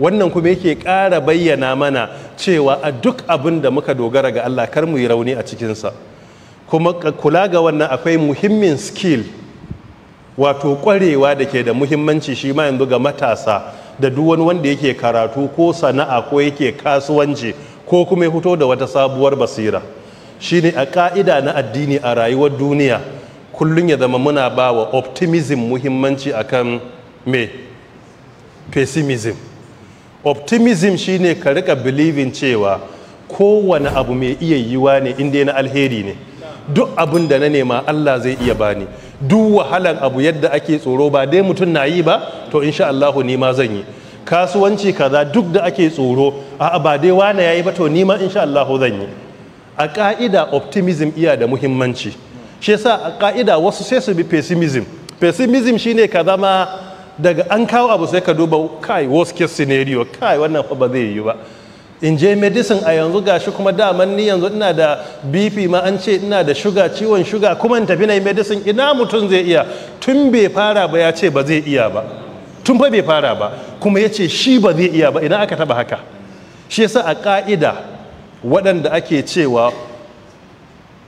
wannan kuma yake ƙara bayyana mana cewa a duk abin da muka dogara ga Allah kar mu yi rauni a cikinsa kuma kula ga wannan akwai muhimmin skill wato ƙwarewa da ke da muhimmanci shi ma yanzu ga matasa da duk wani wanda yake karatu ko sana'a ko yake kasuwanci ko kuma ya fito da wata sabuwar basira shine a ƙa'ida na addini a rayuwar duniya kullum ya zama muna ba wa optimism muhimmanci akan me pessimism optimism shine ka rika believing cewa kowane abu mai iya yiwa ne inda na alheri ne duk abin da na nema Allah zai iya bani duk wahalan abu yadda ake tsoro ba dai mutum na yi ba to insha Allah ni ma zan yi kasuwanci kaza duk da ake tsoro a ba dai wani yayi ba to ni ma insha Allah zan yi a ka'ida optimism iya da muhimmanci shi yasa a ka'ida wasu sai su bi pessimism pessimism shine ka zama daga an kawo abu sai ka duba kai worst case scenario kai wannan ba zai yi ba in je medicine a yanzu gashi kuma daman ni yanzu ina da bp ma an ce ina da shuga ciwon shuga kuma in tafi na yi medicine ina mutum zai iya tun bai fara ba ya ce ba zai iya ba tun fa bai fara ba kuma ya ce shi ba zai iya ba ina aka taba haka shi yasa a ka'ida waɗanda ake cewa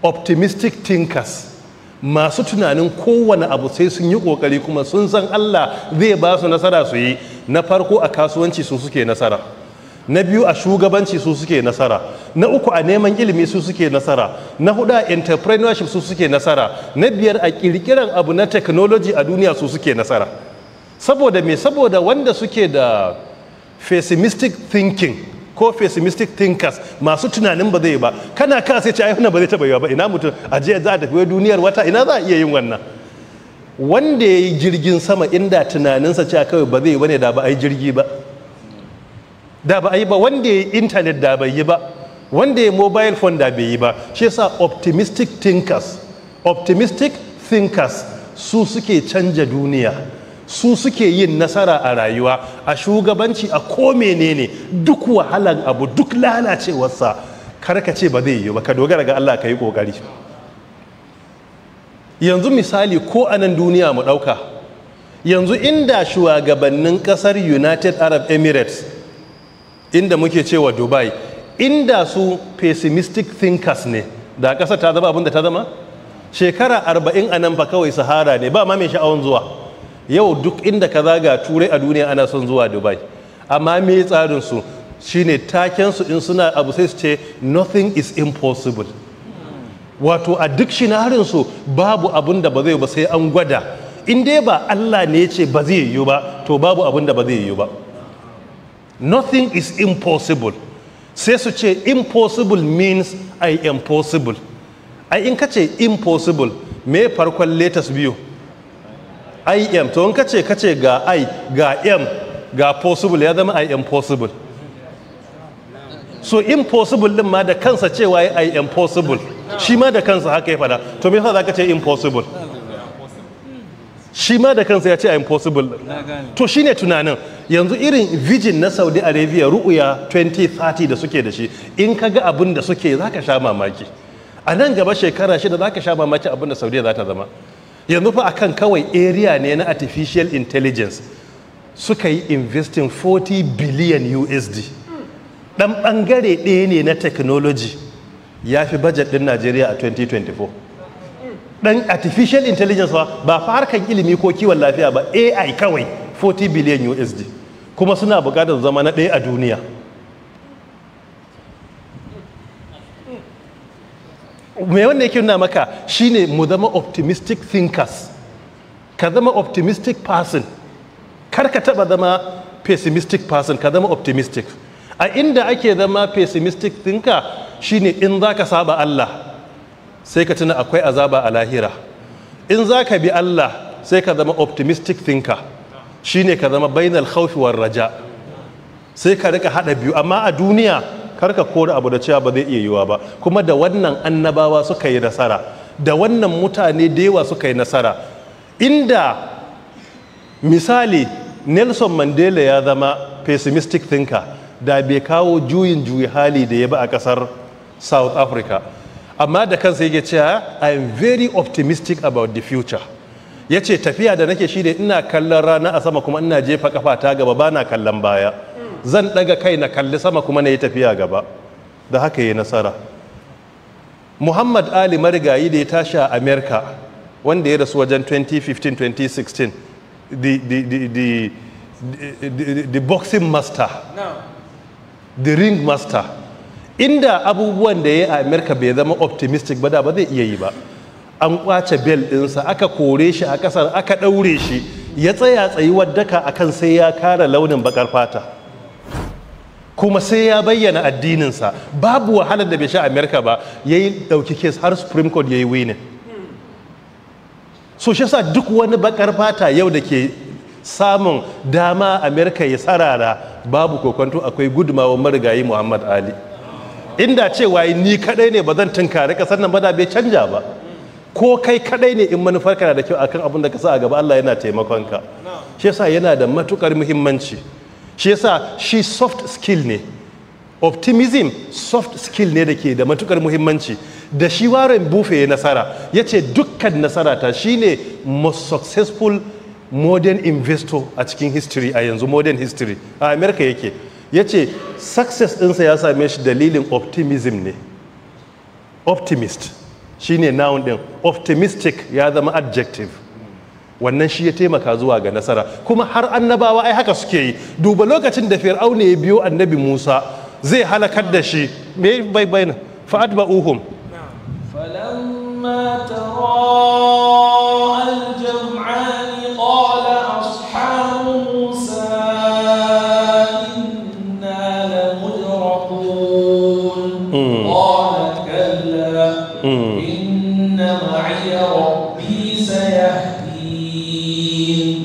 optimistic thinkers masu tunanin kowane abu sai sun yi kokari kuma sun san Allah zai ba su nasara su yi na farko a kasuwanci su suke nasara na biyu a shugabanci su suke nasara na uku a neman ilimi su suke nasara na hudu a entrepreneurship su suke nasara na biyar a kirkiran abu na technology a duniya su suke nasara saboda me saboda wanda suke da pessimistic thinking ko pessimistic thinkers masu tunanin ba zai ba kana ka sai ce ayyuna ba zai taba yi ba ina mutum a za a tafi wai duniyar wata ina za a iya yin wannan wanda ya yi jirgin sama inda tunaninsa cewa kawai ba zai bane da ba a yi jirgi ba da ba a yi ba wanda ya yi intanet da bai yi ba wanda ya yi mobile phone da bai yi ba shi yasa optimistic thinkers optimistic thinkers su suke canja duniya su suke yin nasara a rayuwa a shugabanci a ko menene duk wahalan abu duk lalacewarsa kar ka ce ba zai yi ba ka dogara ga Allah ka yi kokari yanzu misali ko a nan duniya mu dauka yanzu inda shugabannin kasar United Arab Emirates inda muke cewa Dubai inda su pessimistic thinkers ne da kasar ta zama abin ta zama shekara 40 a nan ba kawai sahara ne ba ma mai sha'awun zuwa yau duk inda ka ga turai a duniya ana son zuwa dubai amma me tsarin su shine takensu in suna abu sai su ce nothing is impossible wato a duk shinarin su babu abin da ba zai ba sai an gwada in dai ba Allah ne ce ba zai yiwu ba to babu abin da ba zai yiwu ba nothing is impossible sai su ce impossible means i am possible ai in ka ce impossible me farkon latest biyu im to in kace kace ga i ga m ga possible ya zama i am possible so impossible din ma da kansa cewa i am possible shi ma da kansa haka ya fada to me yasa zaka ce impossible shi ma da kansa ya ce I am possible. to shine tunanin yanzu irin vision na saudi arabia ru'uya 2030 da suke da shi in ka ga abin da suke za ka sha mamaki a nan gaba shekara shida za ka sha mamaki abin da Saudi za ta zama yanzu fa akan kawai area ne na artificial intelligence suka yi investing 40 billion usd dan bangare ɗaya ne na technology ya fi budget din najeriya a 2024 dan artificial intelligence ba fa harkar ilimi ko kiwon lafiya ba ai kawai 40 billion usd kuma suna bukatar zama na ɗaya a duniya me wannan yake nuna maka shine mu zama optimistic thinkers ka zama optimistic person kar ka taba zama pessimistic person ka zama optimistic a inda ake zama pessimistic thinker shine in za ka saba Allah sai ka tuna akwai azaba a lahira in za ka bi Allah sai ka zama optimistic thinker shine ka zama bainal khawfi raja sai ka rika hada biyu amma a duniya karka kora abu da cewa ba zai iya yiwa ba kuma da wannan annabawa suka yi nasara da wannan mutane da yawa suka yi nasara inda misali nelson mandela ya zama pessimistic thinker da bai kawo juyin juyi hali da ya ba a kasar south africa amma da kansa yake cewa i am very optimistic about the future ya ce tafiya da nake shi ne ina kallon rana a sama kuma ina jefa kafa ta gaba ba na kallon baya zan ɗaga kai na kalli sama kuma na yi tafiya gaba da haka yi nasara muhammad ali marigayi da ya tashi a america wanda ya rasu wajen 2015-2016 the, boxing master the ring master inda abubuwan da ya yi a america bai zama optimistic ba da ba zai iya yi ba an kwace bel ɗinsa aka kore shi a kasar, aka ɗaure shi ya tsaya tsayuwar daka akan sai ya kara launin baƙar fata kuma sai ya bayyana addininsa babu wahalar da bai sha amerika ba ya yi ɗauki kes har supreme court ya yi winin so shi sa duk wani bakar fata yau da ke samun dama amerika ya sarara babu kokonto akwai gudumawar marigayi muhammad ali inda cewa ni kadai ne ba zan tunkari kasar nan ba da bai canja ba ko kai kadai ne in manufar kana da kyau akan abin da ka sa a gaba allah yana taimakonka shi yasa yana da matukar muhimmanci shi yasa shi soft skill ne optimism soft skill ne da ke da matukar muhimmanci da shi warren bufe ya nasara ya ce dukkan nasara ta ne most successful modern investor a cikin history a yanzu modern history a america yake ya ce success ɗinsa ya same shi dalilin optimism ne optimist shi ne noun ɗin optimistic ya zama adjective wannan shi ya taimaka zuwa ga nasara kuma har annabawa ai haka suke yi duba lokacin da fir'auna ya biyo annabi musa zai halakar da shi me bai bai fa'atba'uhum falamma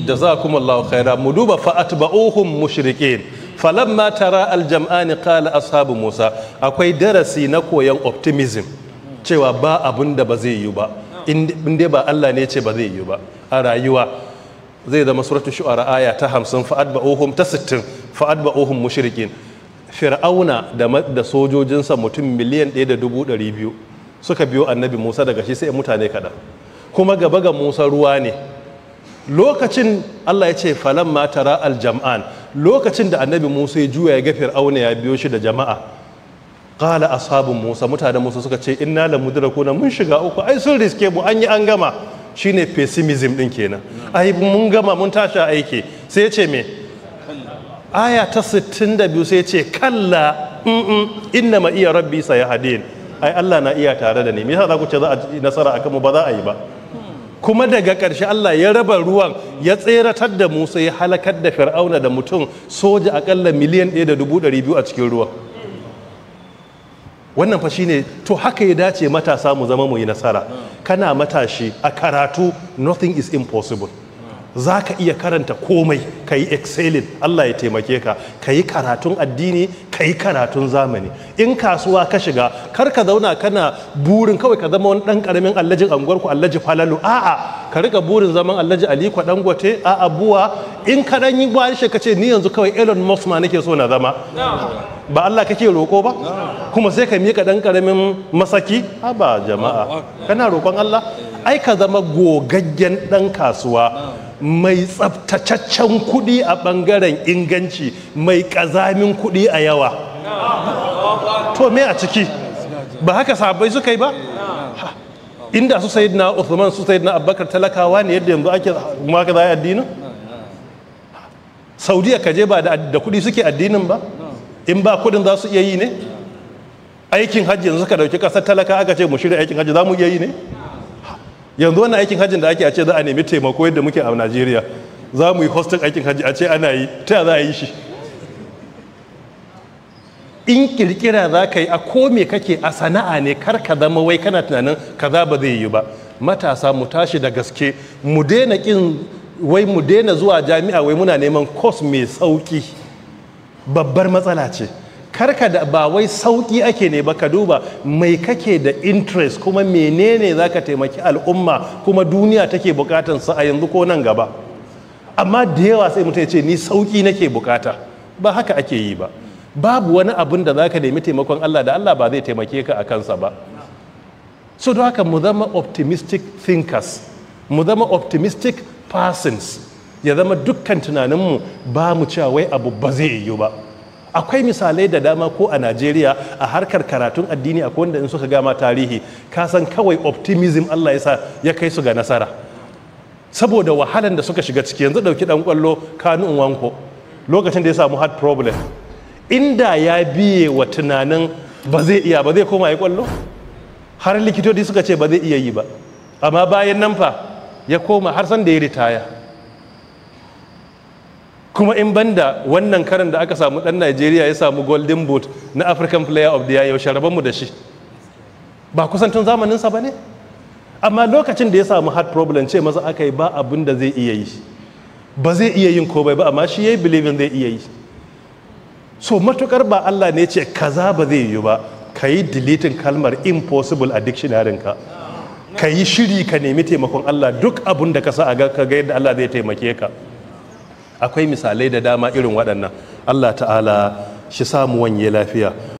jazakumullahu khaira mu duba fa atba'uhum mushrikin falamma tara aljam'ani qala ashabu musa akwai darasi na koyon optimism cewa ba abun da ba zai yi ba in ba Allah ne ce ba zai yi ba a rayuwa zai zama suratul shu'ara ra'aya ta 50 fa atba'uhum ta 60 fa atba'uhum mushrikin fir'auna da sojojinsa mutum miliyan 1.200 suka biyo annabi Musa daga shi sai mutane kada kuma gaba ga Musa ruwa ne lokacin Allah ya ce falan matara aljam'an lokacin da annabi Musa ya juya ya ga Fir'auna ya biyo shi da jama'a qala sabon Musa mutanen Musa suka ce ina la kuna mun shiga uku ai sun riske mu an yi an gama Shi ne pessimism ɗin kenan ai mun gama mun tashi aiki sai ce me aya ta 62 sai ya ce kalla inna ma iya rabbi ya sayahadin ai Allah na iya tare da ni me yasa za ku ce za a nasara a mu ba za a yi ba kuma daga ƙarshe Allah ya raba ruwan ya tseratar da Musa ya halakar da Fir'auna da mutum soja akalla miliyan ɗaya da dubu ɗari biyu a cikin ruwa wannan fa ne to haka ya dace matasa mu zama mu yi nasara kana matashi a karatu nothing is impossible za ka iya karanta komai ka yi excelin Allah ya taimake ka ka yi karatun addini ka yi karatun zamani in kasuwa ka shiga kar ka zauna kana burin kawai ka zama wani ɗan ƙaramin allajin ku allaji falalu a'a ka riga burin zaman allaji aliko dangote a'a buwa in ka ɗan yi bayan ka ce ni yanzu kawai elon musk ma nake so na zama ba Allah kake roko ba kuma sai ka miƙa ɗan karamin masaki ba jama'a kana roƙon Allah ai ka zama gogaggen ɗan kasuwa mai tsabtacaccen kuɗi a ɓangaren inganci mai ƙazamin kuɗi a yawa to me a ciki ba haka sabai suka yi ba inda su sayi na Uthman su sayi na Abubakar talakawa ne yadda yanzu ake maka zai addinin Saudiya kaje ba da kuɗi suke addinin ba in ba kuɗin za su iya yi ne aikin hajji yanzu suka dauki ƙasar talaka aka ce mu shirya aikin hajji za mu iya yi ne yanzu wannan aikin hajjin da ake a ce za a nemi taimako yadda muke a najeriya za mu yi hostel aikin hajji a ce ana yi ta za a yi shi in kirkira za ka yi a ko me kake a sana'a ne kar ka zama wai kana tunanin kaza ba zai yi ba matasa mu tashi da gaske mu daina kin wai mu daina zuwa jami'a wai muna neman course mai sauki babbar matsala ce karka da ba wai sauki ake ne ba ka duba mai kake da interest kuma menene za ka taimaki al'umma kuma duniya take bukatan sa a yanzu ko nan gaba amma da yawa sai mutum ya ce ni sauki nake bukata ba haka ake yi ba babu wani abin da za ka nemi taimakon Allah da Allah ba zai taimake ka a kansa ba so don haka mu zama optimistic thinkers mu zama optimistic persons ya zama dukkan tunaninmu ba mu cewa wai abu ba zai yi ba akwai misalai da dama ko a najeriya a harkar karatun addini a wanda in suka gama tarihi kasan kawai optimism allah ya sa ya kai su ga nasara saboda wahalan da suka shiga ciki yanzu ɗauki ɗan kwallo kanu wanko lokacin da ya samu hard problem inda ya biye wa tunanin ba zai iya ba zai koma ya kwallo. har likitoci suka ce ba zai iya yi ba amma bayan nan fa ya koma har san da ya ritaya kuma in banda wannan karin da aka samu dan Najeriya ya samu golden boot na African player of the year yaushe rabon mu da shi ba kusan tun zamanin sa bane amma lokacin da ya samu heart problem ce masa aka yi ba abin da zai iya yi ba zai iya yin komai ba amma shi yayi believing zai iya yi so matukar ba Allah ne ce kaza ba zai yi ba kayi deleting kalmar impossible a dictionary ka kayi shiri ka nemi taimakon Allah duk abun da ka sa a ga ka ga yadda Allah zai taimake ka akwai misalai da dama irin waɗannan allah ta'ala shi samu wanye lafiya